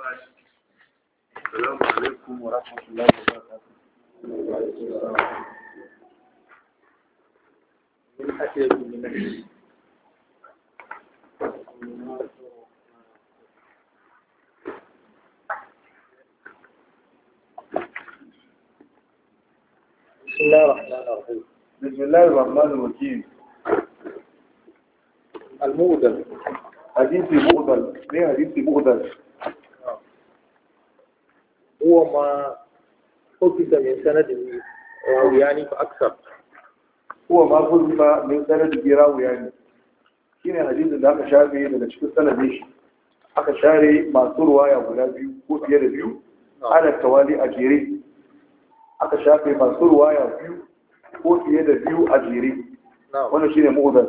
السلام عليكم ورحمة الله وبركاته من من بسم الله الرحمن الرحيم بسم الله الرحمن الرحيم المؤذن حديث مؤذن ليه حديث مؤذن هو ما حفظ من سند Kuwa فأكثر هو ما حفظ من سند راويان shine hadisin da aka shafe daga cikin sanadin shi aka share masu ruwaya guda biyu ko fiye da biyu ana tawali a jere aka shafe masu ruwaya biyu ko fiye da biyu a jere wannan shine mu'udar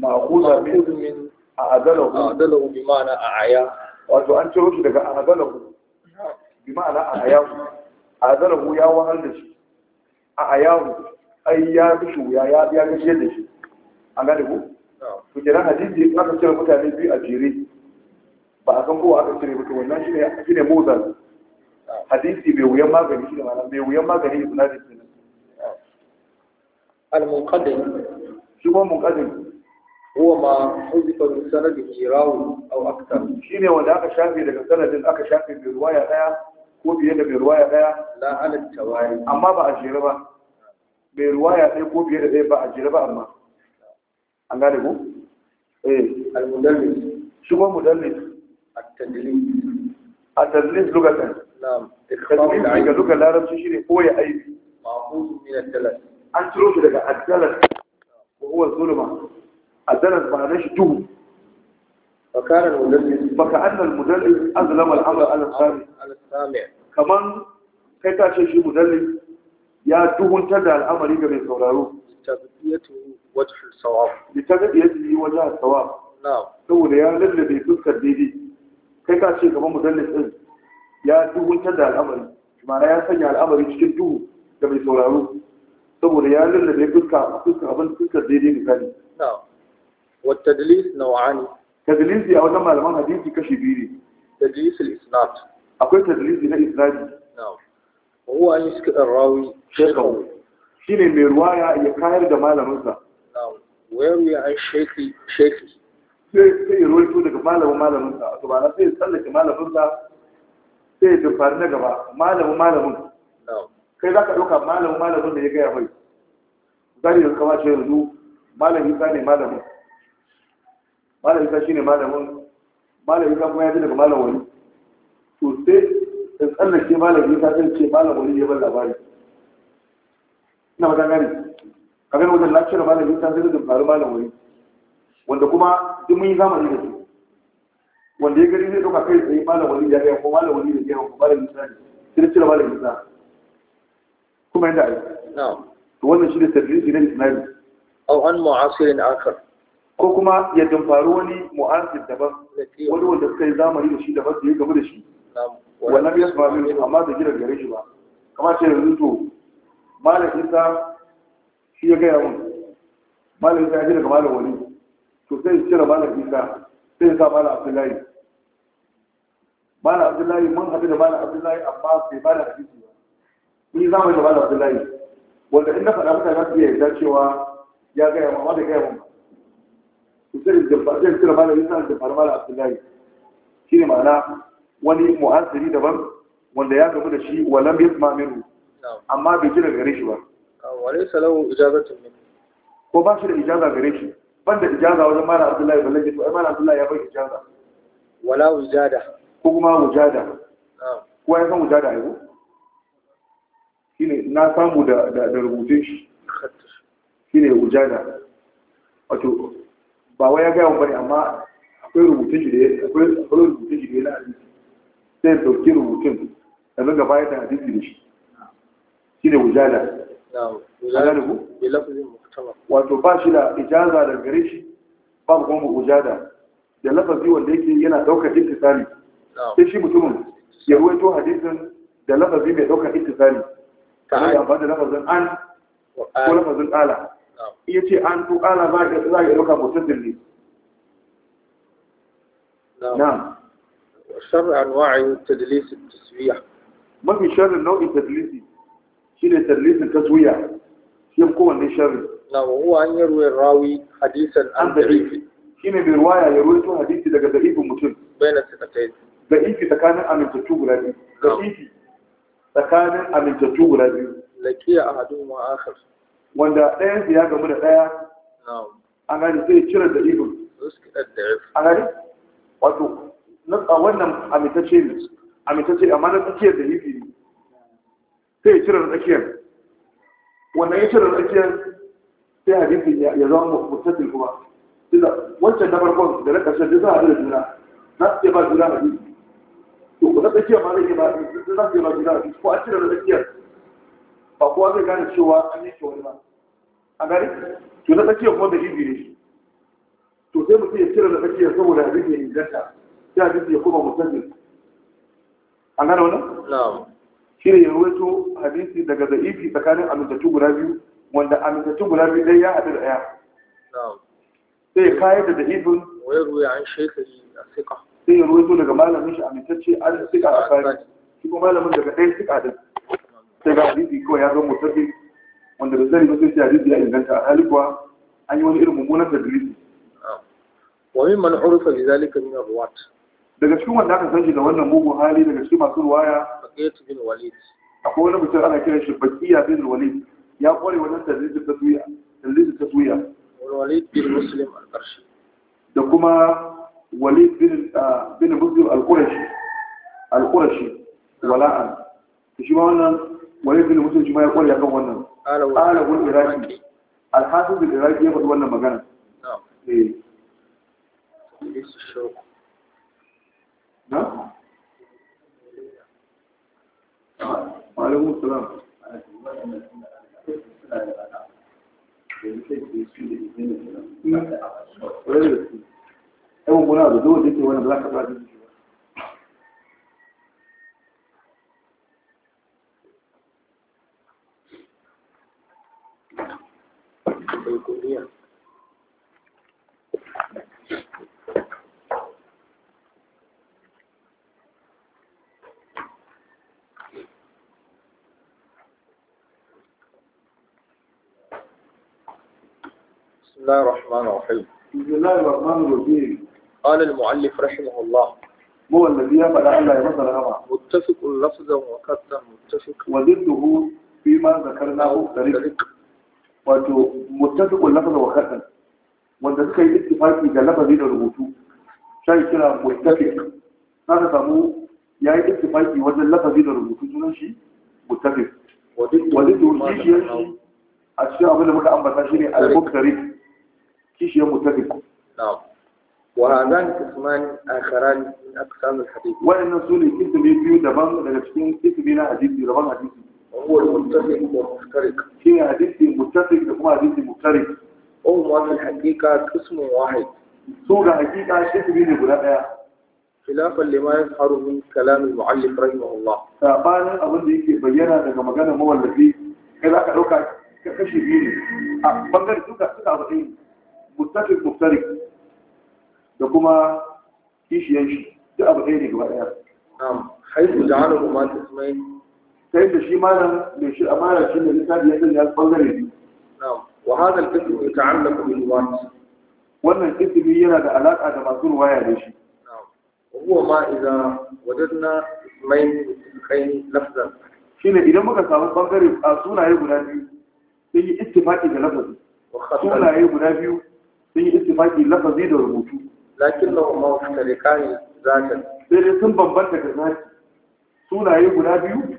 ma'khudha min a adalahu adalahu bi ma'ana a aya wato an ciro shi daga adalahu bi ma'ana a ayahu azarahu ya wahal da shi a ayahu ai ya bishi wuya ya biya shi da shi a gane ku to kenan hadisi aka cire mutane biyu a jere ba a san kowa aka cire ba to wannan shine shine mozal hadisi mai wuyan magani shi da ma'ana mai wuyan magani ibn hadis ne al-munqadim shi kuma munqadim هو ما حذف من سند راوي او اكثر شنو ولا aka shafe daga sanadin aka shafe bi riwaya ko fiye da mai ruwaya daya la alal tawari amma ba a jere ba mai ruwaya ɗaya ko fiye da ɗaya ba a jere ba amma an gane ku eh al-mudallis shi ko mudallis at-tadlis at-tadlis lugatan na'am ikhfaru daga duka larabci shine ko ya aibi ma'khudun min ad-dalas an turo shi daga ad-dalas wa huwa zulma ad-dalas ba shi duhu فكان المدلس فكأن المدلس أظلم الأمر على السامع كمان كيتا شي مدلس يا دهون تدى الأمر يجب أن يصوروا لتغذيته وجه الصواب لتغذيته وجه الصواب نعم سوى ليا للذي تذكر ديدي كيتا شي كمان مدلس ya duhuntar da al'amari mana ya sanya al'amari cikin duhu da mai sauraro saboda ya lullabe fuska fuska abin fuskar daidai misali wata dalis nau'ani tadlisi a wajen malaman hadisi kashi biyu ne tadlis al-isnad akwai tadlisi na isnadi wa huwa an yasqita rawi Shi shine mai ruwaya ya kayar da malaminsa wa ya an shaykhi shaykhi sai ya ruwaito daga malamin malaminsa a tubana sai tsallake malaminsa sai ya dufari na gaba malamin malamin kai za ka ɗauka malamin malamin da ya gaya mai zai yanzu kama ce yanzu malamin ne malamin malam shi ne malamin malam isa kuma ya ji daga malam wani to sai in tsallake malam isa sai ce malam wani ya bar labari ina ba gani ka wajen lafiyar malam isa sai da dumfari malam wani wanda kuma duk mun yi zamani da su wanda ya gani zai ɗauka kai tsaye malam wani ya ko malam wani da ya ko malam isa ne sai da cire malam isa kuma yadda a yi to wannan shi da tarihi na isnadi أو عن معاصر آخر ko kuma ya dumfari wani mu'asir daban wani wanda suka yi zamani da shi daban da ya gaba da shi wannan ya sama min amma da gina gare shi ba kamar ce yanzu to malam isa shi ya gaya mun malam isa ya gina ga malam wani to sai ya cire malam isa sai ya sa malam abdullahi malam abdullahi mun haɗu da malam abdullahi amma sai malam Abdullahi, ba mun yi zamani da malam abdullahi wanda in na faɗa mutane za su iya yarda cewa ya gaya mun amma bai gaya mun ba zai tura malam isa da fara malam abdullahi shi ne wani mu'asiri daban wanda ya gamu da shi walam ya tsama minu amma bai jira gare shi ba wale salawu ijazatun min ko ba shi da ijaza gare shi banda ijaza wajen malam abdullahi balle ya to ai malam abdullahi ya bai ijaza wala wujada ko kuma wujada ko ya san wujada ai Shi ne na samu da da rubutun shi shine wujada wato ba wai ya gaya bane amma akwai rubutun shi da ya akwai rubutun shi da ya na hadisi sai ya dauki rubutun da zanga bayar da hadisi da shi ne wujada wato ba shi da ijaza da gare shi Ba mu kuma wujada da lafazi wanda yake yana daukar ittisali sai shi mutumin ya ruwaito hadisin da lafazi mai daukar ittisali kamar ya ba da lafazin an ko lafazin ala iya ce an tukana za a yi ɗauka mutum dirni na shar'an wa'ayin tadilisin taswiya mafi shar'an nau'in tadilisi shi ne tadilisin taswiya shi ko wanne shar'in na wuwa an yi ruwan rawi hadisan an da'ifi shi ne mai ruwaya ya ruwan hadisi daga da'ifin mutum bai na suka ta tsakanin amintattu guda biyu da'ifi tsakanin amintattu guda biyu laƙiya a hadin wa'akar wanda ɗayan su ya gamu da ɗaya a gani sai cire da ibin a gani wato a wannan amintace ne amintacce amma na tsakiyar da ibi ne sai ya cire da tsakiyar wannan ya cire da tsakiyar sai hadisin ya zama mutattun kuma wancan na farkon da na ƙarshen duk za a da juna za su iya ba juna hadisi to ku na tsakiyar ma zai iya ba za su ba juna ko an cire da tsakiyar ba kowa zai gane cewa an kyau ne ba a gari to na tsakiyar kuma da ibi ne shi to sai mutum ya cire da tsakiyar saboda abin ya inganta sai abin ya koma musamman a gane wannan shi ne ya ruwaito hadisi daga da tsakanin amintattu guda biyu wanda amintattu guda biyu dai ya haɗu da ɗaya sai ya kayar da da ibin wayar ruwa an shekari a sika sai ya ruwaito daga malamin shi amintacce an sika a fari shi kuma malamin daga ɗaya sika din sai ga hadisi kawai ya zo musamman wanda ba zai mutum sai hadisi ya inganta a hali kuwa an yi wani irin mummunan tadrisi wa min man urifa bi zalika min ar-ruwat daga cikin wanda aka sanshi da wannan mugun hali daga cikin masu ruwaya baqiyat bin walid akwai wani mutum ana kiran shi baqiya bin walid ya kware wannan tadrisi taswiya tadrisi taswiya walid bin muslim al-qarshi da kuma walid bin ah, bin muslim al-qurashi al-qurashi wala'an shi ma wannan walid bin muslim shi ma ya kware akan wannan ƙala wani iraki alhassan da iraki ya faɗi wannan magana eh. na? malamun salam ɗan hmm. muna da da za ka ba da بسم الله الرحمن الرحيم بسم الله الرحمن الرحيم قال المؤلف رحمه الله هو الذي ان لا يمثل هما متفق لفظا وقتا متفق وضده فيما ذكرناه طريق wato muttafiqun lafaz wa wanda suka yi ittifaqi da lafazi da rubutu sai kira muttafiq haka samu ya yi ittifaqi wajen lafazi da rubutu sunan shi muttafiq wadda turki a cikin abin da muka ambata shi ne al-muktari kishiyar muttafiq وهذان قسمان آخران من أقسام الحديث. وإن سوري biyu daban daga cikin كتب بينا hadisi, دبان hadisi. وهو المتفق والمفترق في حديث المتفق وهو حديث مفترق هو في الحقيقة قسم واحد سورة حقيقة شيء بين الغلاء خلافا لما يظهر من كلام المعلم رحمه الله فقال أظن يكي بيانا لما كان هو الذي كذا كروكا كشي آه، بيني بغير سورة سورة أربعين متفق مفترق لكما كيش ينشي ده أربعين الغلاء نعم حيث جعله ما تسمين sai yadda shi malam mai shi amara shi da littafi ya sanya bangare ne wa hadal kismi ya ta'allaqu bil wannan kismi yana da alaka da masu ruwaya da shi huwa ma idza wajadna mai kai lafzan shine idan muka samu bangare a sunaye guda biyu sun yi ittifaqi da lafazi sunaye guda biyu sun yi ittifaqi lafazi da rubutu lakin law ma fi tariqani zatan sai sun bambanta da zati sunaye guda biyu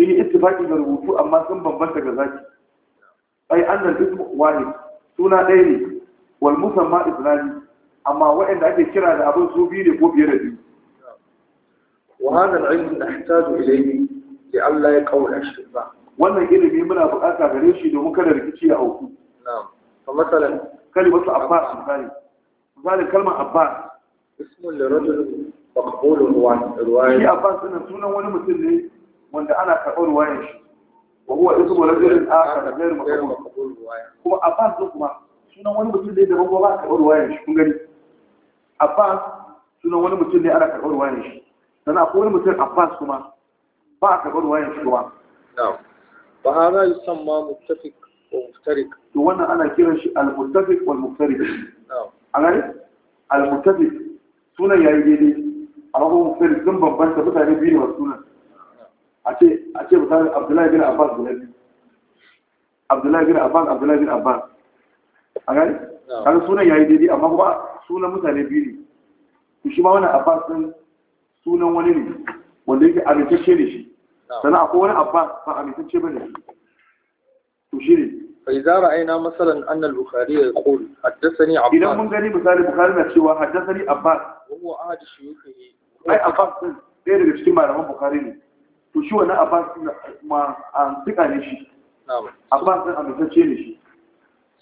sun yi ittifaqi da rubutu amma sun bambanta ga zaki ai annal ismu wahid suna ɗaya ne wal musamma islami amma waɗanda ake kira da abin su biyu ne ko biyar da biyu وهذا العلم نحتاج إليه لئلا يقول الشبه wannan ilimi muna bukata gare shi domin kada rikici ya auku na'am fa masalan kalimatu abbas misali misali kalmar abbas ismun lirajul maqbulun wa riwayat shi abbas sunan wani mutum ne wanda ana karɓar ruwayar shi wa huwa ismu rajulin akhar ghayr maqbul kuma abbas din kuma sunan wani mutum ne da ba ba karɓar ruwayar shi kun gani abbas sunan wani mutum ne ana karɓar ruwayar shi sannan akwai wani mutum abbas kuma ba a karɓar ruwayar shi kuma na'am fa hada yusamma muttafiq wa muftariq to wannan ana kiran shi al-muttafiq wal muftariq na'am an gani al-muttafiq sunan yayi daidai amma kuma muftariq sun bambanta mutane biyu ne wa sunan a ce misali abdullahi bin abbas guda biyu abdullahi bin abbas abdullahi bin abbas a gani kaga sunan yayi daidai amma kuma sunan mutane biyu ne to shi ma wannan abbas din sunan wani ne wanda yake amintacce ne shi sannan akwai wani abbas ba amintacce ba ne to shi ne فإذا رأينا مثلا أن البخاري يقول حدثني عباس إذا من قال مثال البخاري نفسه حدثني عباس وهو أحد شيوخه أي عباس غير الاجتماع من بخاري to shi wannan abbas ma an tuka ne shi abbas din amintacce ne shi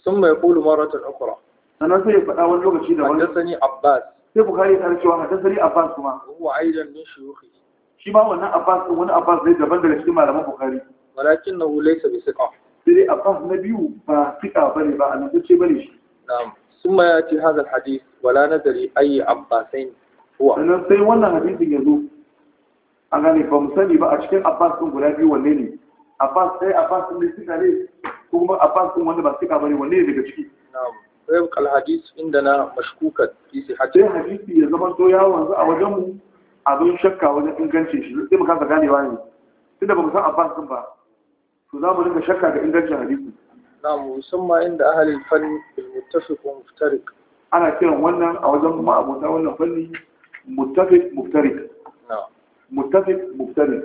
sun mai kulu maratun ukra sannan sai ya faɗa wani lokaci da wani hadasani abbas sai bukhari ya cewa hadasani abbas kuma huwa aidan min shuyukhi shi ma wannan abbas ɗin wani abbas ne daban daga cikin malaman bukhari walakin na laysa bi siqa sai dai abbas na biyu ba siqa bane ba amintacce bane shi na'am ثم ياتي هذا الحديث ولا ندري اي عباسين Sannan sai wannan hadisin ya zo. an gane ba mu sani ba a cikin abbas din guda biyu wanne ne abbas sai abbas ne suka ne ko kuma abbas din wanda ba suka bane wanne ne daga ciki na'am sai kal hadis inda na mashkuka fi hadis sai hadis ya zama to ya wanzu a wajen mu abin shakka wajen ingancin shi sai mu kasa ganewa ne tunda ba mu san abbas ba to za mu dinga shakka ga ingancin hadisi na'am musamman inda ahalin fanni bil muttafiq wa muftariq ana kiran wannan a wajen ma'abota wannan fanni muttafiq muftariq na'am muttafiq muftari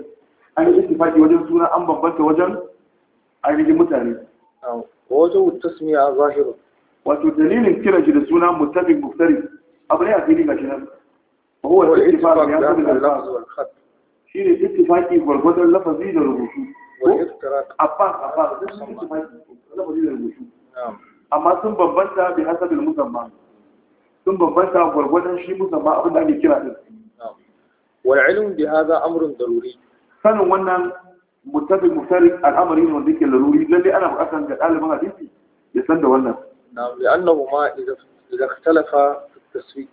an yi ittifaqi wajen suna an bambanta wajen ainihin mutane wajen tasmiya zahiru wato dalilin kira shi da suna muttafiq muftari abu ne a fili gashi nan ba huwa ittifaq ya zo da lafzi shi ne ittifaqi gwargwadon lafazi da rubutu abba abba sun ittifaqi lafazi da rubutu amma sun bambanta bi hasabil musamma sun bambanta gwargwadon shi musamma abin da ake kira din والعلم بهذا أمر ضروري sanin wannan mutabi mutari al'amari ne wanda yake laruri lalle ana buƙatar ga ɗalibin hadisi ya san da wannan na'am li annahu ma idza idza ikhtalafa fi taswiq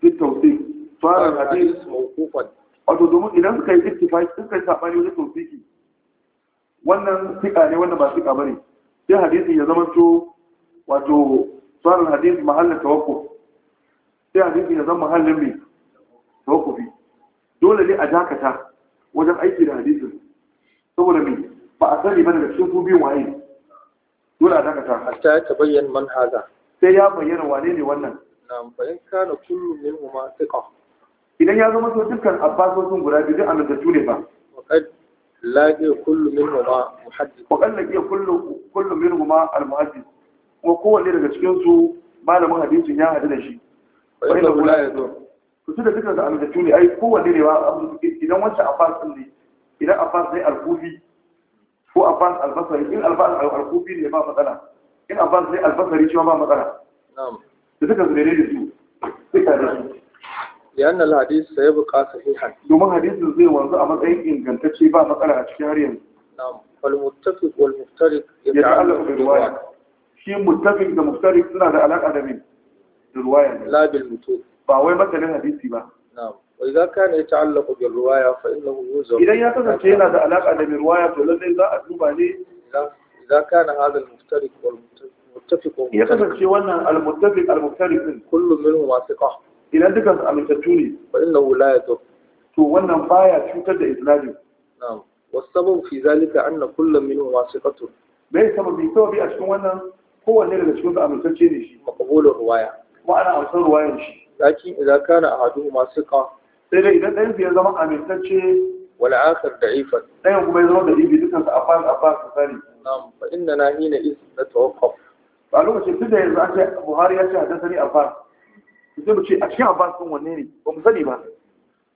fi tawfiq fara hadis mawqufan wato domin idan suka yi ittifaqi suka yi sabani wajen tawfiqi wannan sika ne wannan ba sika bane sai hadisi ya zama to wato fara hadis hadisi ya dole ne a dakata wajen aiki da hadisin saboda mai ba a sani ba daga cikin su biyun waye dole a dakata hatta ya tabayyana manhaja? sai ya bayyana wane ne wannan na'am bayan kana kullu min huma thiqa idan ya zama to dukkan abbasosin guda biyu duk amintattu ne ba waqad ya kullu min huma muhaddith waqad laqiya kullu kullu min huma al-muhaddith kuma kowanne daga cikin su malamin hadisin ya hadu da shi fa inna la zo. Su tunda duka da amintattu ne ai kowanne ne ba abu idan wancan abbas ne idan abbas ne alkufi ko abbas albasari in abbas alkufi ne ba matsala in abbas ne albasari shi ba matsala da duka zure ne da su duka da su لأن الحديث سيبقى صحيحا دوما حديث زي وانزا أما أي إن كانت تشي بقى مقالة أشكار نعم da ruwaya. يتعلق بالرواية da متفق suna da سنة da علاقة da ruwaya ne? Labil mutum. ba wai matsalin hadisi ba wai za ka ne ta allaka bin ruwaya fa inna hu zau idan ya kasance yana da alaka da bin ruwaya to lallai za a duba ne za ka na hadal ko muttafiq ya kasance wannan idan ne to wannan baya cutar da والسبب في ذلك أن كل منهم واثقة bai sababi sababi a cikin wannan kowanne daga cikin su amintacce ne shi kuma ana amsar ruwayar shi lakin idza kana masu siqa sai dai idan ɗayan ya zama amintacce wal akhar da'ifan ɗayan kuma ya zama da ibi dukan sa afan afan su sani na'am fa inna na hina is na tawaqqaf ba lokaci, duk da yanzu an ce Buhari ya ce hadathani Abbas sai mu ce a cikin Abbas sun wanne ne ba mu sani ba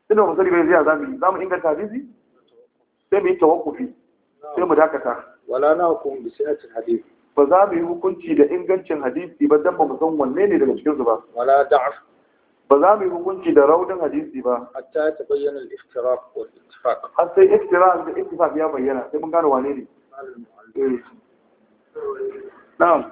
ba mu sani ba yanzu ya zamu yi mu inganta hadisi sai mu yi tawakkufi sai mu dakata wala na hukum bi sihhatil hadith ba za mu yi hukunci da ingancin hadisi ba dan ba mu san wanne ne daga cikin su ba wala da'af ba za mu yi hukunci da raunin hadisi ba hatta ta bayyana al-iftiraq wal ittifaq har sai iftiraq da ittifaq ya bayyana sai mun gane wane ne na'am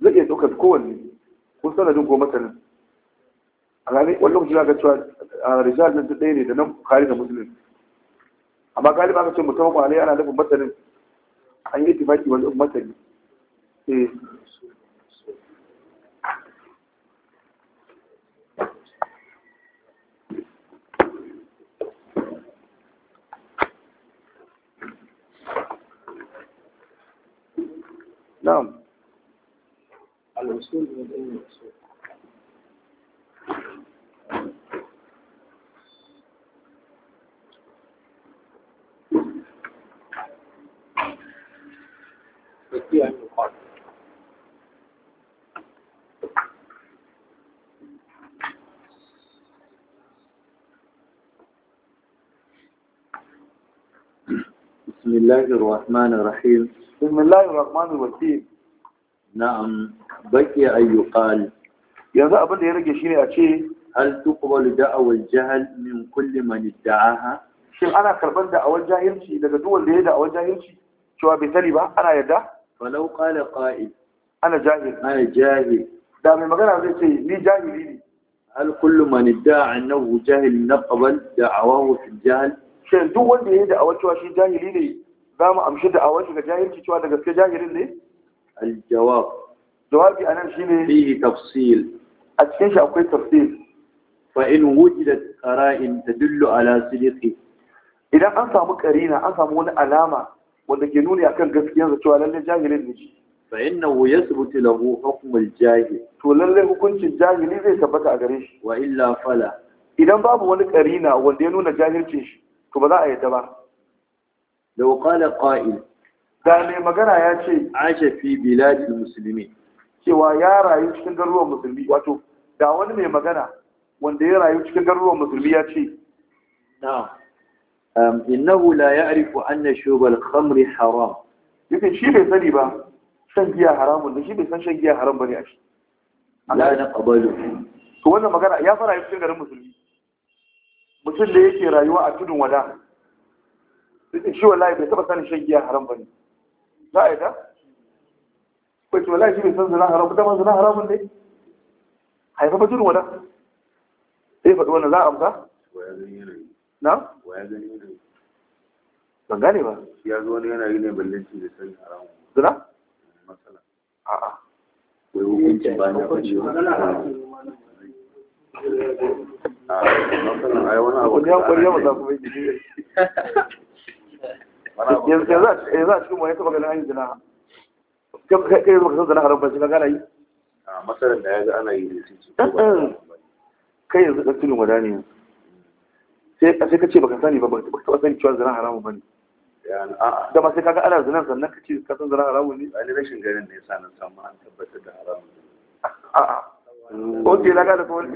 zai iya ɗaukar kowanne ko sanadin ko matanin a gane wani lokaci za cewa a rishar nan ta ɗaya ne da nan kari da musulun amma galiba ka ce mutum kwanai ana nufin matanin an yi tifaki wani umarta ne eh. Naam. Al-Rasul wa al-Rasul. with you and your partner. بسم الله الرحمن الرحيم بسم الله الرحمن الرحيم نعم بقي أن يقال yanzu abin da ya rage shine a ce hal tuqbal da'awal jahl min kulli man idda'aha shin ana karban da'awar jahilci daga duk wanda ya da'awar jahilci cewa bai sani ba ana yarda falau kala qa'il ana jahil ana jahil da mai magana zai ce ni jahili ne hal kullu man idda'a annahu jahil da da'awahu fil jahl shin duk wanda ya yi da'awar cewa shi jahili ne za mu amshi da'awar shi ga jahilci cewa da gaske jahilin ne al jawab jawabi anan ne. fihi tafsil a cikin shi akwai tafsil fa in wujidat qara'in tadullu ala sidqi idan an samu karina an samu wani alama wanda ke nuni akan gaskiyarsa cewa lallai jahilin ne shi fa innahu yathbutu lahu al jahil to lalle hukuncin jahili zai tabbata a gare shi wa illa fala idan babu wani karina wanda ya nuna jahilcin shi to ba za a yadda ba law qala qa'il da me magana ya ce aisha fi al musulmi cewa ya rayu cikin garuruwan musulmi wato da wani mai magana wanda ya rayu cikin garuruwan musulmi ya ce na'am Um, innahu la ya'rifu anna shubal khamri haram yakan shi bai sani ba shan giya haramun da shi bai san shan giya haram bane a shi la na qabalu to wannan magana ya fara yi cikin garin musulmi mutum da yake rayuwa a tudun wada shi wallahi bai taba sanin shan giya haram bane za a yi ta ko ce wallahi shi bai san zina haram ba zina haramun ne haifa ba tudun wada sai faɗi wannan za a amsa na? wa ya gani ne ban gane ba ya zo wani yana yi ne ballanci da sanin haramun zina? matsala a'a wai hukunci ba na kwanci ba ai wani abu da ya kwariya za ku bai jiri yanzu a cikin wani taba ganin an yi zina kai yanzu baka san zina haram ba zina gana yi a da ya ga ana yi ne sai ce eh, eh. kai yanzu ɗan filin wadani yanzu sai ka ce baka sani ba baka taba sani cewa zina haramun bane da ba sai kaga ana zinar sannan ka ce ka san zina haramun ne a rashin garin ne yasa nan samu an tabbatar da haramun a'a ok na da kuma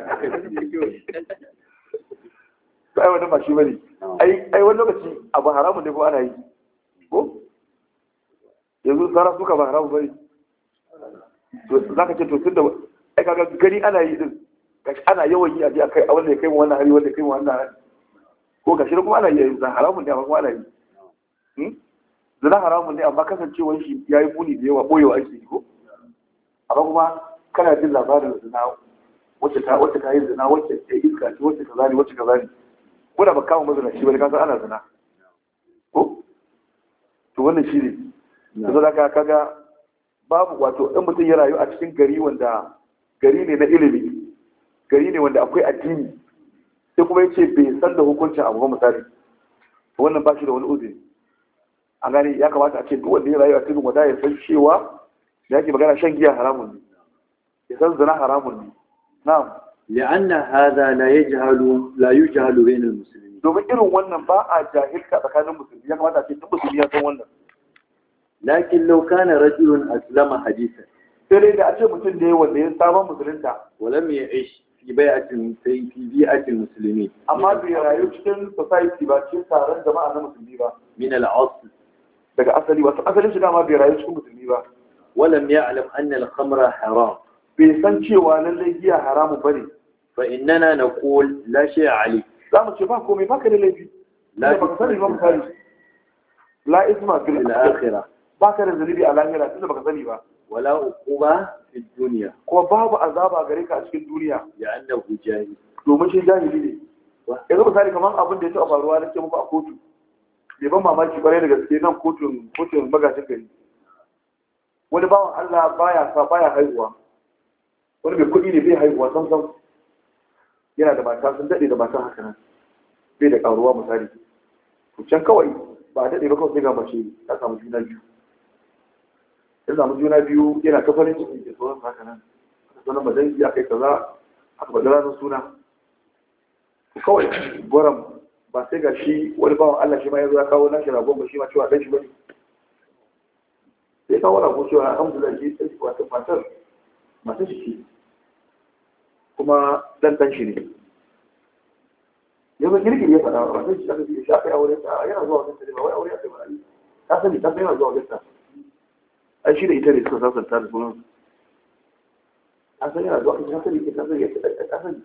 ai wannan ba shi bane ai ai wani lokaci abu haramun ne ko ana yi ko yanzu sara suka ba haramun bane to zaka ce to tunda ai kaga gari ana yi din ana yawan yi a kai a wanda ya kai mu wannan hari wanda ya kai mu wannan hari ko gashi kuma ana yi zan haramun ne amma kuma ana yi hmm? zina haramun ne amma kasancewar shi ya yi buni da yawa boyewa ake yi ko amma kuma kana jin labarin zina wacce ta wacce ta yi zina wacce ta iska ce wacce ka ne wacce ka ne ko da ba kama mazana shi wani kasan ana zina ko to wannan shi ne yanzu da ka kaga babu wato in mutum ya rayu a cikin gari wanda gari ne na ilimi gari ne wanda akwai addini sai kuma yace bai san da hukuncin abu ba misali wannan ba shi da wani uzuri a gane ya kamata a ce duk wanda ya rayu a cikin wada ya san cewa da yake magana shan giya haramun ne ya san zina haramun ne na'am لأن هذا لا يجهل لا يجهل بين muslimin domin irin wannan ba a jahilta tsakanin musulmi ya kamata a ce duk musulmi ya san wannan lakin law kana rajulun aslama hadithan sai dai da a ce mutum ne wanda ya saba musulunta walam ya ish fi bai'atin sai fi bai'atin musulmi amma bai rayu cikin society ba taron jama'a na musulmi ba min al-asl daga asali wato asalin shi dama bai rayu cikin musulmi ba walam ya'lam anna al-khamra haram bai san cewa lallai giya haramu bane fa innana naqul la shay'a ali za mu da ba ka da zunubi a lahira tunda baka sani ba wala uquba fi dunya ko babu azaba gare ka a cikin duniya ya annahu jahil domin shi jahili ne yanzu misali kamar abin da ya taɓa faruwa na ce muku a kotu bai ban mamaki kwarai da gaske nan kotun kotun magajin gari wani bawan Allah baya sa baya haihuwa wani mai kuɗi ne bai haihuwa sam sam yana da mata sun daɗe da mata haka nan bai da ƙaruwa misali to can kawai ba a daɗe ba kawai sai ga mace ta samu juna biyu ya samu juna biyu yana ta farin ciki da sauran haka nan ba sanar madangi aka yi kaza a faɗi ranar suna kawai goram ba sai ga shi wani bawan Allah shi ma ya zo ya kawo nashi ragon ba shi ma cewa ɗanshi shi bane sai kawo ragon cewa alhamdulillah shi sai wata matar matar shi kuma ɗan ɗan shi ne yanzu girgiri ya faɗa matar shi aka shi aka yi aure ta yana zuwa wajen ta ne ba wai aure ya ce ba ta sani ta sani yana zuwa wajen ta ai shi da ita ne suka sasanta da sunan a san yana zuwa ita sani ke ta sani ya ce ɗan sani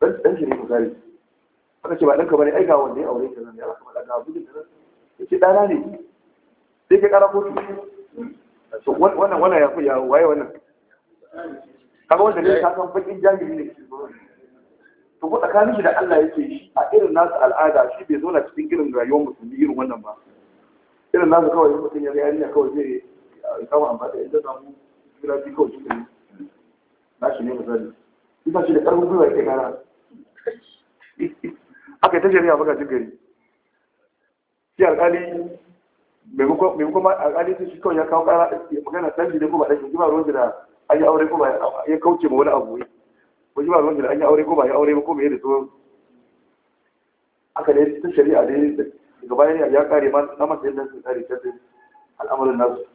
dan dan shi ne misali aka ce ba ɗanka bane ai ga wanda ya aure ka nan ya aka faɗa ga abin da nan ya ce ɗana ne sai ka ƙara kotu wannan wannan ya fi yawo waye wannan kaga wanda ne ka san bakin jami'i ne ke zuwa to ko tsakanin shi da Allah yake shi a irin nasu al'ada shi bai zo na cikin irin rayuwar musulmi irin wannan ba irin nasu kawai mutum ya ga yarinya kawai zai ya kama amfani da inda samu kira aka yi ta shari'a baka jin gari shi alƙali maimakon alƙali sun shi kawai ya kawo magana ɗan ne ko ba ɗan shi ba ruwan da an yi aure ko ba ya kauce ma wani abu ko ji ba ruwan da an yi aure ko ba ya aure ba ko me da sauran aka yi ta shari'a dai daga bayan ya kare ma na masu yadda sun kare ta al'amarin nasu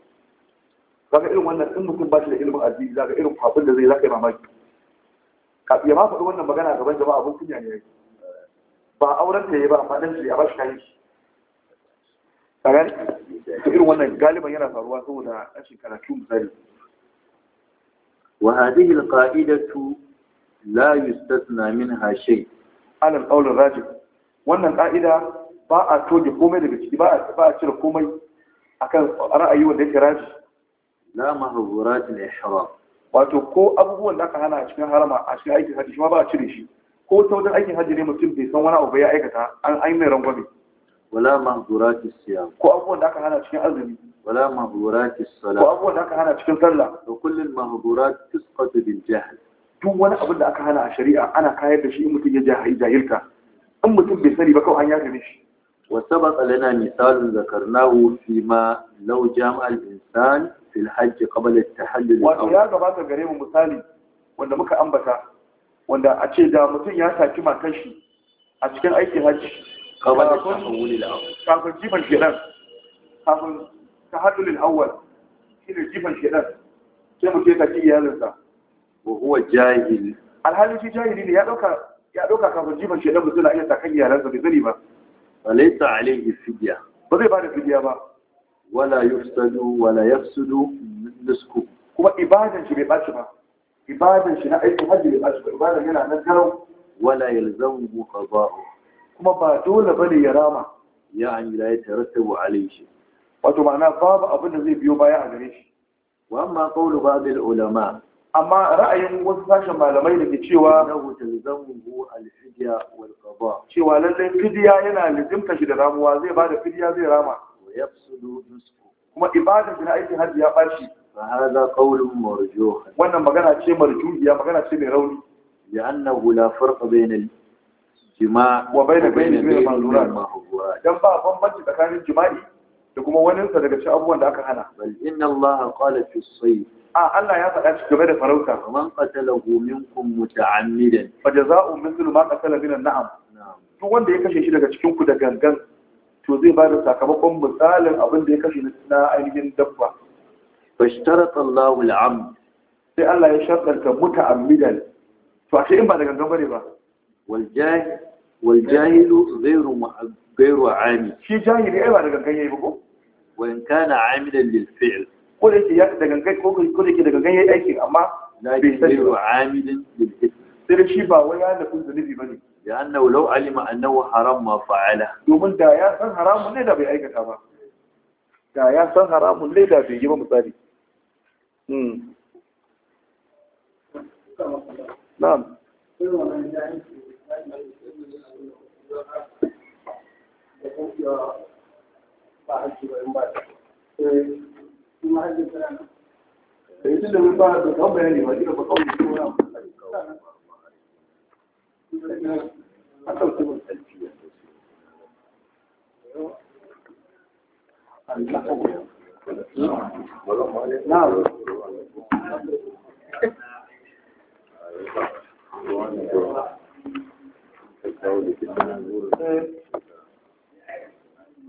kaga irin wannan in mutum ba shi da ilimin addini zaka irin fafin da zai zaka yi mamaki kafin ya ma faɗi wannan magana gaban jama'a abin kunya ne ba auren ta yi ba amma dan shi ya ba shi kayan shi kagan irin wannan galiban yana faruwa saboda rashin karatu misali wa hadhihi alqa'idatu la yustasna minha shay ala alqawl arrajih wannan ka'ida ba a toge komai daga ciki ba a cire komai akan ra'ayi wanda yake rajih la mahzurat al-ihram wato ko abubuwan da aka hana a cikin harama a cikin aikin hajji ma ba a cire shi ko ta wajen aikin hajji ne mutum bai san wani abu ya aikata an ai mai rangwame wala mahzurat as-siyam ko abubuwan da aka hana cikin azumi wala mahzurat as-salat ko abubuwan da aka hana cikin sallah wa kullul mahzurat tisqatu bil jahl duk wani abin da aka hana a shari'a ana kayar da shi in mutum ya jahilta in mutum bai sani ba kawai an yaga shi وسبق لنا مثال ذكرناه فيما لو جامع الإنسان في الحج قبل التحلل ويا جبات غريم مثالي wanda muka ambata wanda a ce da mutum ya saki matan shi a cikin aikin hajji kafin jifan shedan kafin ta hadulil awwal shi ne jifan shedan sai mutum ya saki iyalinsa wa huwa jahil alhali shi ne ya dauka kafin jifan shedan mutum na iya sakan iyalansa bai sani ba falaita alaihi fidiya ba zai bada da ba wala yufsadu wala yafsudu nisku kuma ibadan shi bai ɓaci ba ibadan shi na aikin hajji bai ɓaci ba ibadan yana nan garau wala yalzamu qada'u kuma ba dole bane ya rama ya an la yatarattabu alaihi shi wato ma'ana babu abin da zai biyo baya a gare shi wa amma qawlu ba'd al ulama amma ra'ayin wasu sashen malamai da ke cewa nahu talzamuhu al-fidya cewa lallai fidiya yana lizimta shi da ramuwa zai ba da fidiya zai rama wa yafsudu nusuku kuma ibadar shi na aikin hajji ya bashi fa hadha qawlun wannan magana ce marjuhiya magana ce mai rauni لأنه لا فرق بين الجماع وبين بين المعذورات dan ba bambanci tsakanin jima'i da kuma waninsa daga ci abubuwan da aka hana bal inna Allah qala fi sayf a Allah ya faɗa cikin game da farauta man qatalahu minkum muta'ammidan fa jazaa'u mithlu ma qatala min an'am duk wanda ya kashe shi daga cikin ku da gangan to zai ba da sakamakon misalin abin da ya kashe na ainihin dabba fa ishtarata Allahu al'am sai Allah ya shartanta muta'ammidan to ashe in ba da gangan bane ba wal jahil wal jahilu ghayru ma'ab ghayru 'ami shi jahili ai ba da gangan yayi ba وإن كان عاملا للفعل ko da ko da yake da gangan amma bai sani ba amilin bil ism sai shi ba wai ya nufin zunubi bane ya annahu law alima annahu domin da ya san haramun ne da bai aikata ba da ya san haramun ne da bai yi ba misali mm na'am Thank ba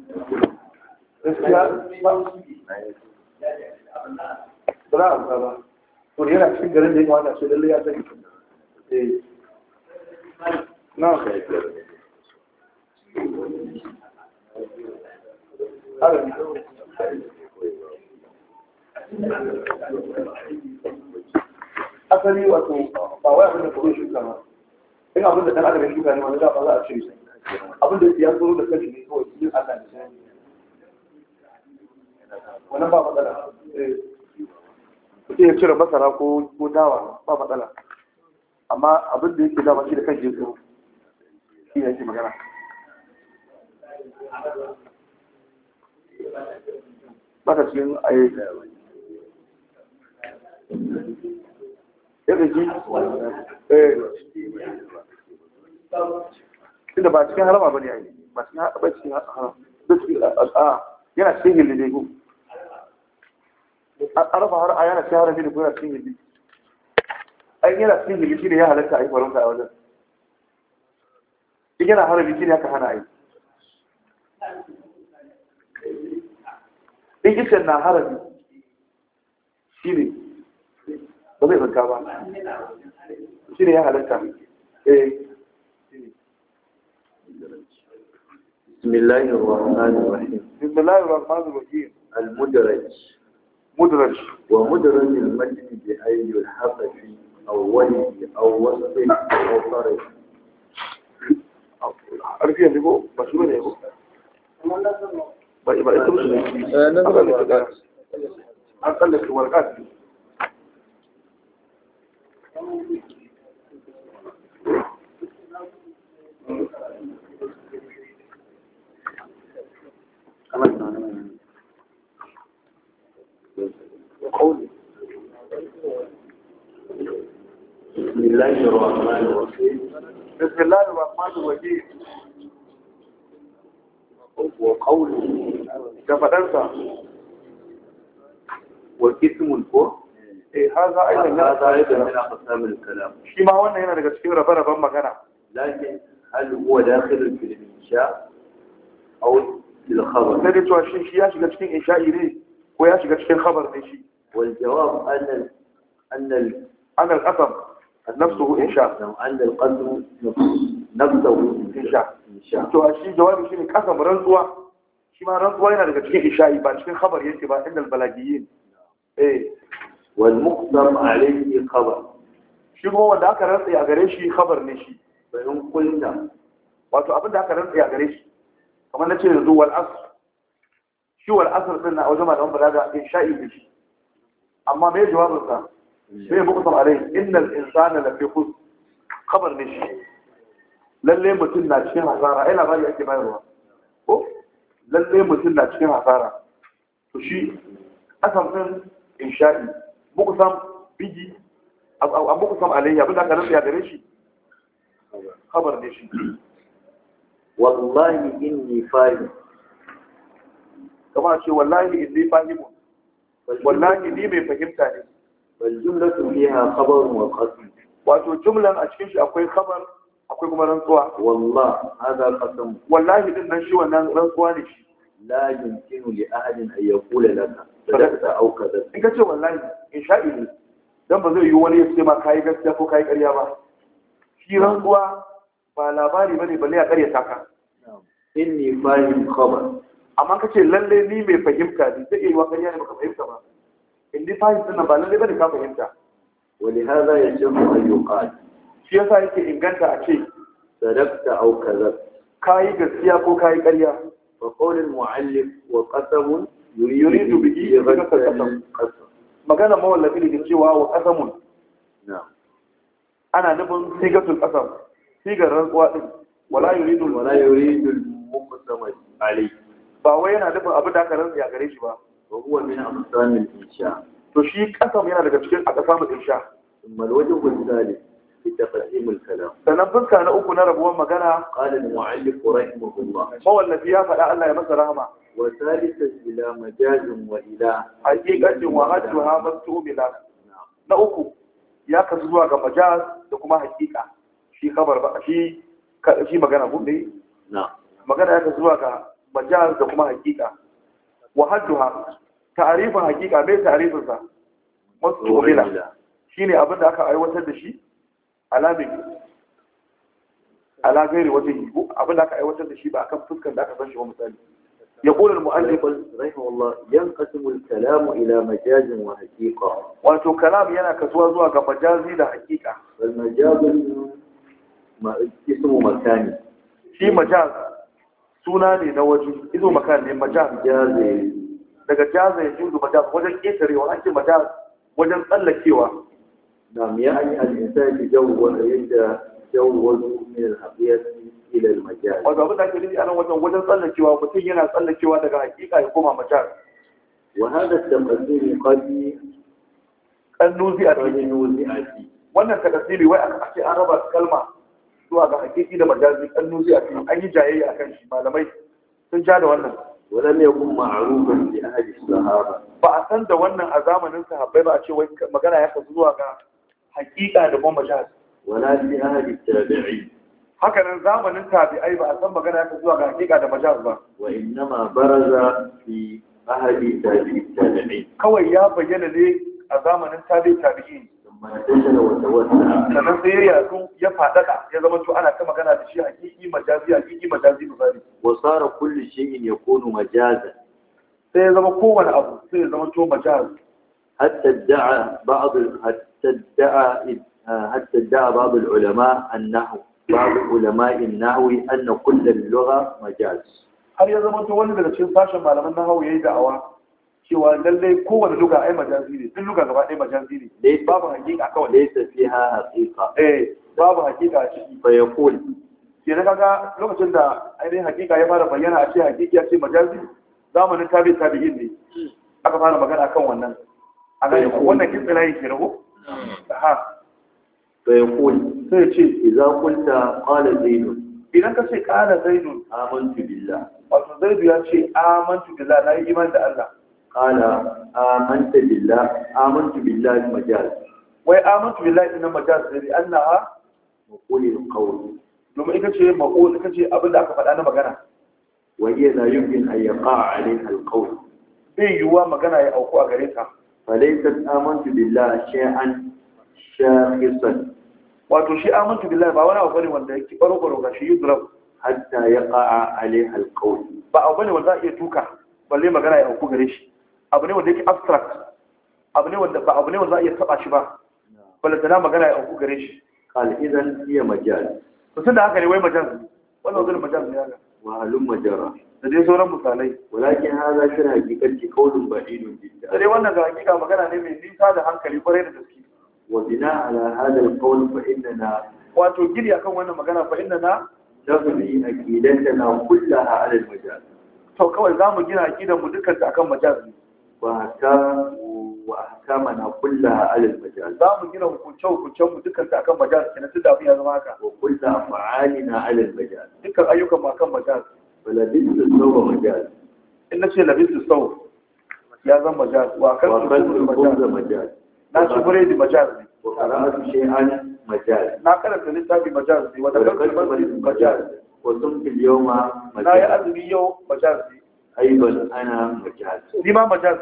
Thank eh, eh, you. gaskiya ba za a amsa ba to yana cikin garin da ya kamata ce lallai ya na eh. kai asali wato ba wai abin da kuma shuka in abin da dan shuka ne za a ce abin da ya zo da kanshi ne kawai cikin wannan ba matsala mutum ya cire masara ko dawa ba matsala amma abin da yake dama shi da kan jesu shi yake magana baka cikin ayi inda ba cikin harama ba ne ba cikin harama yana cikin hilde ne arafa har a yana cikin harafi da kuma cikin gindi ai yana cikin shi ne ya halatta a yi farauta a wajen in yana harafi shi ne aka hana a yi in na harafi shi ne ba zai zanka ba shi ne ya halatta eh بسم الله الرحمن الرحيم بسم الله الرحمن الرحيم المدرج مدرج ومدرج المجد بأن يلحق في أوله أو وسطه أو طرفه عارف يعني هو مسؤول يعني هو بقى يبقى انت مش اقل في الورقات قولي بسم الله الرحمن الرحيم بسم الله الرحمن الرحيم وقولي كفتنسى والاسم الفور هذا أيضا هذا أيضا من أقسام الكلام شيء ما هو هنا لقد شكرا ربنا بما كان لكن هل هو داخل في الإنشاء أو في الخبر؟ نريد أن شيء يشكل في إنشاء إليه ويشكل في الخبر لشيء والجواب أن أن أن القسم نفسه إنشاء أن القسم نفسه إنشاء to shi jawabi shine kasan rantsuwa shi ma rantsuwa yana daga cikin isha'i ba cikin khabar yake ba inda albalagiyin eh wal muqdam alayhi khabar shi kuma wanda aka rantsa a gare shi khabar ne shi bayan kulna wato abin da aka rantsa a gare shi kamar nace yanzu wal asr shi wal asr din na wajen malaman balaga isha'i ne shi amma me jawabin sa sai muqtar alai innal insana lafi khus khabar ne shi lalle mutum na cikin hasara ai labari ake bayarwa ko lalle mutum na cikin hasara to shi asal din insha'i muqsam biji abu muqsam alai abin da aka rubuta gare shi khabar ne shi wallahi inni fahim Kamar ce wallahi inni fahimun wallahi ni mai fahimta ne bal jumlatu fiha khabar wa qasam wato jumlan a cikin shi akwai khabar akwai kuma rantsuwa wallahi hada qasam wallahi din nan shi wannan rantsuwa ne shi la yumkinu li ahadin an yaqula laka sadaqta aw kadhab in kace wallahi in sha'i ne dan ba zai yi wani ya ce ma kai gaskiya ko kai ƙarya ba shi rantsuwa ba labari bane balle ya ƙarya saka inni fahim khabar amma ka ce lallai ni mai fahimta ne zai iya wakar yana baka fahimta ba in dai fahimta nan ba lallai ba da ka fahimta wani za ya ce mu ayyu Shi ya sa yake inganta a ce sadaqta aw Ka yi gaskiya ko ka kai ƙarya wa qawlul mu'allim wa qasamun yuridu bihi qasam magana mawallafi ne cewa wa qasamun na'am ana nufin sigatul qasam sigar rantsuwa din wala yuridu wala yuridu al alayhi ba wai yana nufin abin da aka rantsa ya gare shi ba wa huwa min amsalil insha to shi kasam yana daga cikin aqsamul insha mal wajhu al-thalith fi taqdim al-kalam sanan fuska na uku na rabuwar magana qala al-mu'allif rahimahullah mawallafi ya faɗa Allah ya masa rahama wa thalithun ila majazin wa ila haqiqatin wa hadduha mastumila na uku ya kasu zuwa ga majaz da kuma haqiqa shi kabar ba shi shi magana gumbe na magana ya kasu zuwa ga majaz da kuma hakika wa hadduha ta'arifin hakika mai ta'arifin sa mastumila shine abin da aka aiwatar da shi alamin ala gairi wajen hibu abin da aka aiwatar da shi ba akan fuskar da aka san shi wa misali يقول المؤلف رحمه الله ينقسم الكلام إلى مجاز وحقيقة وأنتو كلام ينا كسوازوا كمجازي لحقيقة المجاز اسم مكاني Shi مجاز suna ne na waje izo maka ne majal jaze daga jaze ya jundu majal wajen ketarewa ake majal wajen tsallakewa na miya ayi alisa ki jawu wanda yadda jawu wani mil habiyati ila majal wato abin da ke nufi anan wajen wajen tsallakewa mutum yana tsallakewa daga hakika ya koma majal wa hada tamazuni qadi kan nuzi a cikin nuzi wannan tafsiri wai aka ce an raba kalma zuwa ga hakiki da majazi an nuzi a cikin an yi jayayya a kan shi malamai sun ja da wannan ne ولم يكن معروفا Ba a san da wannan a zamanin sahabbai ba a ce wai magana ya kasu zuwa ga hakika da kuma majaz wala li ahli tabi'i haka nan zamanin tabi'ai ba a san magana ya kasu zuwa ga hakika da majaz ba wa innama baraza fi ahli tabi'i kawai ya bayyana ne a zamanin tabi'i tabi'in sannan sai ya yasu ya faɗaɗa ya zama to ana ta magana da shi hakiki majazi hakiki majazi misali wa sara kulli shay'in yakunu majaza sai ya zama kowane abu sai ya zama to majaz hatta da'a ba'd hatta da'a hatta da'a ba'd ulama annahu ba'd ulama annahu anna kull al-lugha majaz har ya zama to wani daga cikin sashen malaman nahwu yayi da'awa cewa lallai kowane luga ai majazi ne duk luga gaba ɗaya majazi ne babu hakika kawai laysa ha hakika eh babu hakika a ciki fa yaqul na kaga lokacin da ainihin hakika ya fara bayyana a ce hakiki ce majazi zamanin tabi tabi'in ne aka fara magana akan wannan a ga wannan kin tsira ke rago ha hmm. fa yaqul sai ce idza kunta qala zainun idan ka ce qala zainun amantu billah wato zai ya ce amantu billah na yi iman da Allah Ƙala amanta billah amantu billahi majaz wai amantu billahi inna majaz ne annaha maqulul qawl domin ita ce maqul ita ce abin da aka faɗa na magana wa iya la yumkin an yaqa alaiha alqawl bai yiwuwa magana ya auku a gare ta falaysat amantu billahi shay'an shakhisan wato shi amantu billahi ba wani abu bane wanda yake baro baro ga shi yudrab hatta yaqa alaiha alqawl ba abu bane wanda za a iya tuka balle magana ya auku gare shi abu ne wanda yake abstract abu ne wanda ba abu ne wanda za a iya taba shi ba balantana magana ya uku gare shi kal idan iya majal to tunda haka ne wai majal wannan wajen majal ne haka wa halun majara da dai sauran misalai walakin haza shi hakikanci kaulun badidun jidda dai wannan ga hakika magana ne mai nisa da hankali kwarai da gaske wa bina ala hada alqawl fa innana wato gidi akan wannan magana fa innana nazmi na kullaha ala majal. to kawai zamu gina akidan mu dukkan ta akan Majal. ne wa ahkama na kulla alal majal za mu gina hukunce hukuncen mu dukkan ta kan majal kenan tunda abin ya zama haka wa kulla na alal majal dukkan ayyukan mu kan majal balabin da sauwa majal in ce labin da sau ya zama majal wa kan majal majal na ci buredi majal ne wa qara'atu shay'an majal na karanta littafi majal ne wa da kan majal wa sun fil yawma majal na ya azumi yau majal ne أيضا أنا مجاز دي ما مجاز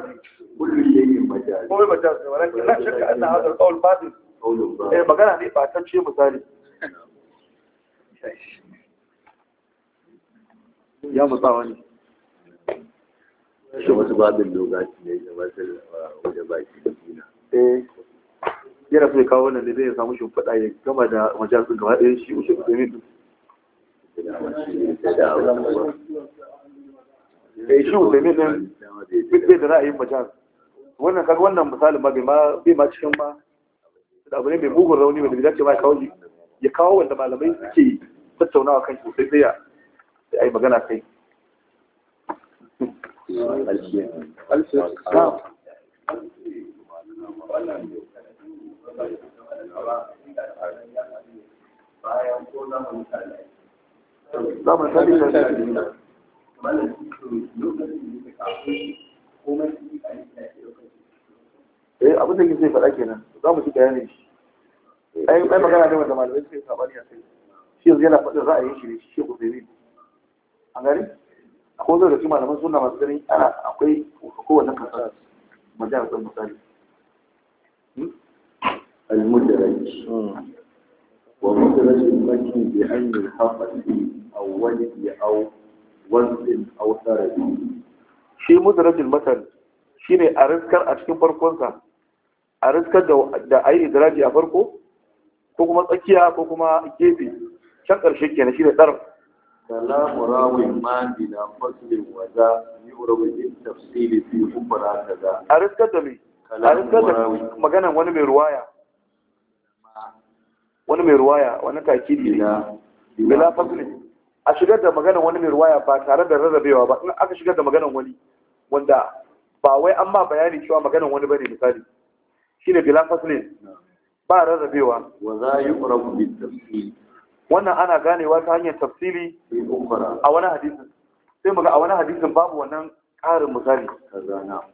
كل شيء مجاز هو مجاز ولكن لا شك أن هذا القول باطل قول باطل مجال هني باطل شيء مثالي يا مطاوني شو wasu babin lokaci ne da wasu wajen baki da suna. Eh, yana so ya kawo wannan da zai samu shimfiɗa ya gama da majalis gaba shi ushe kuɗe ne. da eh, shi usaimin din bai da ra'ayin majan wannan kaga wannan misalin ba bai ma cikin ba da abu ne mai mugun rauni wanda bai dace ba ya kawo ya kawo wanda malamai suke tattaunawa kan shi sai tsaya sai ai magana kai zamanin tarihi da eh abin da yake faɗa kenan za mu ci bayanin shi eh, ai ai magana ne eh. wanda malamai suka yi sabani a kai shi yanzu yana faɗin ra'ayin shi ne shi ku zai an gani akwai zai gaci malaman suna masu ganin ana akwai kowane kasa majalisar ɗan misali المدرج ومدرج المكي بأن الحق في أوله أو wanzin autare shi mudrajul matan shine a riskar a cikin farkonsa a riskar da a yi idraji a farko ko kuma tsakiya ko kuma gefe can ƙarshe kenan shine ɗarf kalamu rawin ma na faslin waza yurawi in tafsili fi kubra kaza a riskar da me a riskar da maganan wani mai ruwaya wani mai ruwaya wani takidi bila faslin a shigar da maganar wani mai ruwaya ba tare da rarrabewa ba in aka shigar da maganar wani wanda ba wai an ma bayani cewa maganar wani bane misali shine bila faslin ba rarrabewa wa za yi bit tafsil wannan ana ganewa ta hanyar tafsili a wani hadisin sai muga a wani hadisin babu wannan ƙarin misali kaza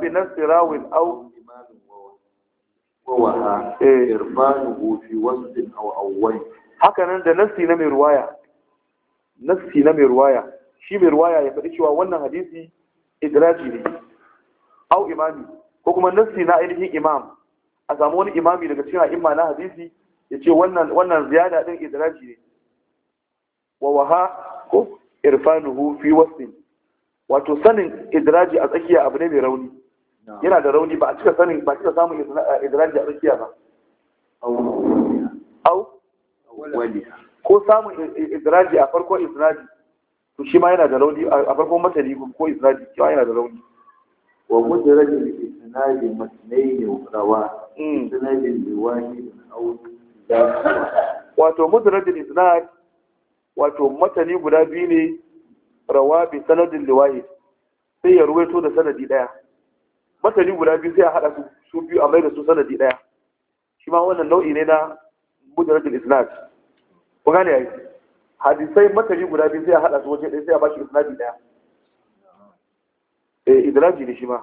bi nan sirawin au wa wa eh. irfanu fi wasdin aw awwal Hakanan da nassi na mai ruwaya nassi na mai ruwaya shi mai ruwaya ya faɗi cewa wannan hadisi idraji ne au imami ko kuma nassi na ainihin imam a samu wani imami daga cikin a'imma na hadisi ya ce wannan wannan ziyada din idraji ne wa waha ko irfanuhu fi wasin wato sanin idraji a tsakiya abu ne mai rauni yana da rauni ba a cika sanin ba cika samun idraji a tsakiya ba au wali ko samun izraji a farkon izraji to shi ma yana da rauni a farkon matani ko izraji shi ma yana da rauni wa mudraj al-isnadi matnayn wa rawa mm. isnadi al-wahid da wato mudraj al-isnad wato matani guda biyu ne rawa bi sanadin liwahid sai ya ruwaito da sanadi daya matani guda biyu sai a hada su biyu a mai da su sanadi daya shi ma wannan nau'i ne na mujarrad isnad ku gane yayi hadisai matari guda biyu sai a hada su waje ɗaya sai a bashi isnadi ɗaya eh idraji ne shi ma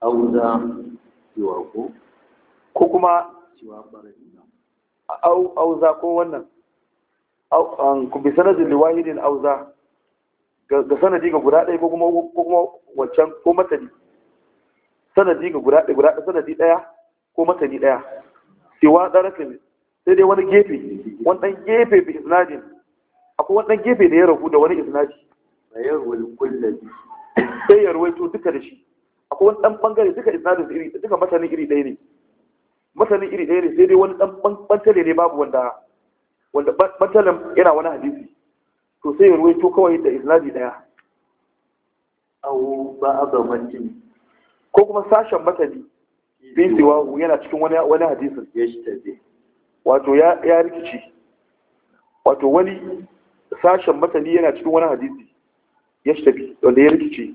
auza cewa ko ko kuma cewa au auza ko wannan ku bi sanadin liwahidin auza ga sanadi ga guda ɗaya ko kuma wancan ko matani sanadi ga guda ɗaya sanadi ɗaya ko matani ɗaya cewa ne sai dai wani gefe wani ɗan gefe bi isnadin akwai wani ɗan gefe da ya rahu da wani isnadi sai ya rawaito duka da shi akwai wani ɗan ɓangare duka isnadin iri duka matanin iri ɗaya ne masanin iri ɗaya ne sai dai wani ɗan ɓantale ne babu wanda wanda ɓantalen yana wani hadisi to sai ya rawaito kawai da isnadi ɗaya aw ba a ko kuma sashen matani fi yana cikin wani hadisin wato ya rikici wato wani sashen matani yana cikin wani hadisi ya shi wanda ya rikici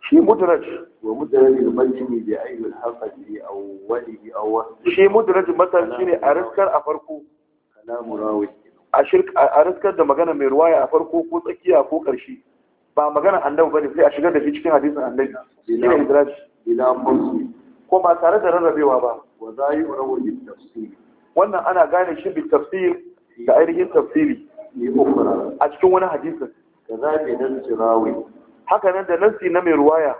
shi mudaraj wa shi a riskar a farko a riskar da magana mai a farko ko tsakiya ko karshe ba magana annabi bane sai a shigar da shi cikin hadisin annabi ila idraj ila fawzi ko ba tare da rarrabewa ba wa zai rawu bi tafsir wannan ana gane shi bi tafsir da ainihin tafsiri a cikin wani hadisin da za ka nan sirawi haka nan da nasi na mai ruwaya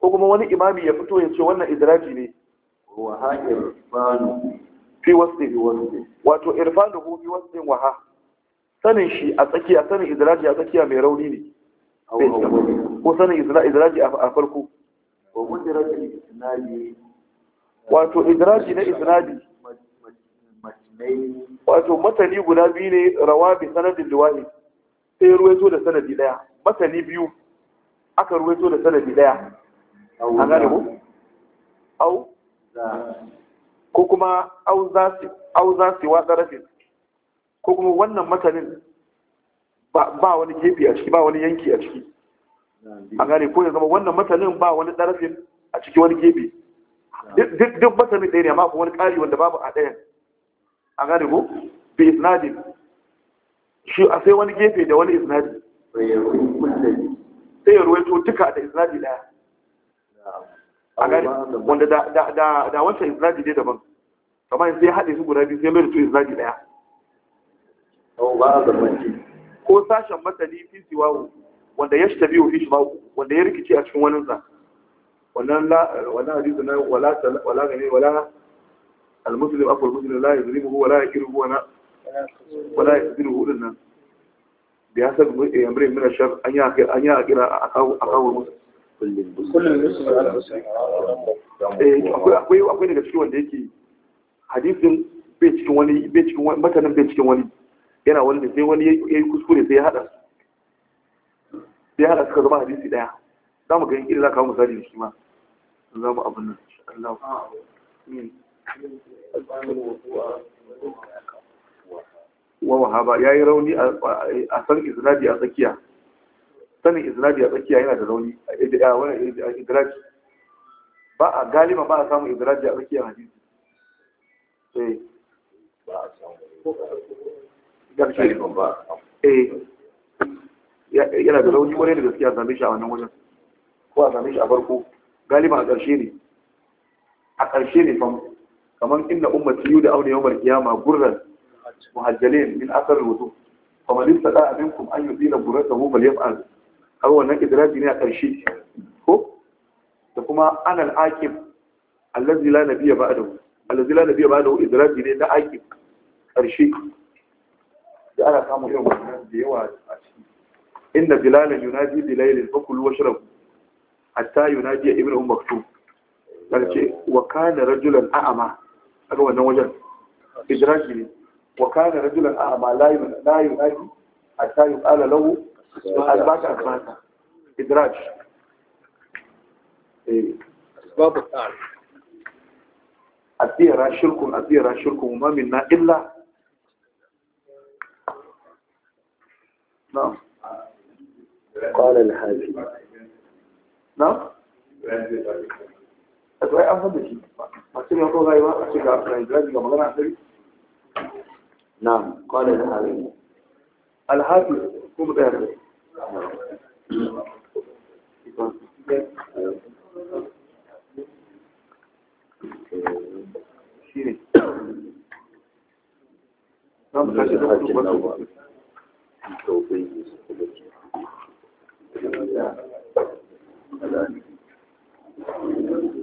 ko kuma wani imami ya fito ya ce wannan idraji ne wa ha irfanu fi wasfi wato irfanu hu fi wasfin wa ha sanin shi a tsakiya sanin idraji a tsakiya mai rauni ne ko sanin idraji a farko wato idraji na isnadi wato matani guda biyu ne rawa bi sanadin liwahi sai ruwaito da sanadi daya matani biyu aka ruwaito da sanadi daya a gane mu? au ko kuma au za su wa tsarafin ko kuma wannan matanin ba wani gefe a ciki ba wani yanki a ciki a gane ko ya zama wannan matanin ba wani ɗarafin a ciki wani gefe duk matanin ɗaya ne amma wani ƙari wanda babu a ɗayan a gane ko bi isnadin shi a sai wani gefe da wani isnadi sai ya ruwaito duka da isnadi ɗaya a gane wanda da wancan isnadi ne daban kamar sai haɗe su guda biyu sai mai da su isnadi ɗaya ba a ko sashen masani fi siwahu wanda ya shi tabi'u fi shi wanda ya rikici a cikin waninsa wannan wannan na wala wala wala al akwai muslim wala wala nan da ya sabu min an ya an kira a eh, akwai daga cikin wanda yake hadisin bai bai cikin wani matanin bai cikin wani yana wani sai wani ya yi kuskure sai ya haɗa su sai ya haɗa suka zama hadisi ɗaya za mu gani irin za ka kawo misali da shi ma za mu abin nan Allah wa wahaba ya yi rauni a san izinadi a tsakiya sanin izinadi a tsakiya yana da rauni a wani idraji ba a galiba ba a samun idraji a tsakiyar hadisi eh. ƙarshe eh yana da rauni wani da gaskiya same shi a wannan wajen ko a same shi a farko galiba a ƙarshe ne a ƙarshe ne fam kamar inna ummati yu da auna yawmal qiyama gurran muhajjalin min asar wudu kuma lin sada minkum an yi yudila burratahu bal yaf'al har wannan idraji ne a ƙarshe ko da kuma anal aqib allazi la nabiyya ba'dahu allazi la nabiyya ba'dahu idraji ne na aqib ƙarshe da ana samun irin wannan da yawa a ciki inda bilalan yunaji bilailin fakulu wa shirabu hatta yunaji ibn um maktub daga ce wa kana rajulan a'ama aka wannan wajen idraji ne wa kana rajulan a'ama la yunaji hatta yuqala lahu albaka akbata idraj أثيرا شرك أثيرا شرك وما na illa. نعم قال الحاجي نعم أفضل أيوة، أيوة، نعم. نعم قال الحاجي الحاجي كم نعم ke Thank you.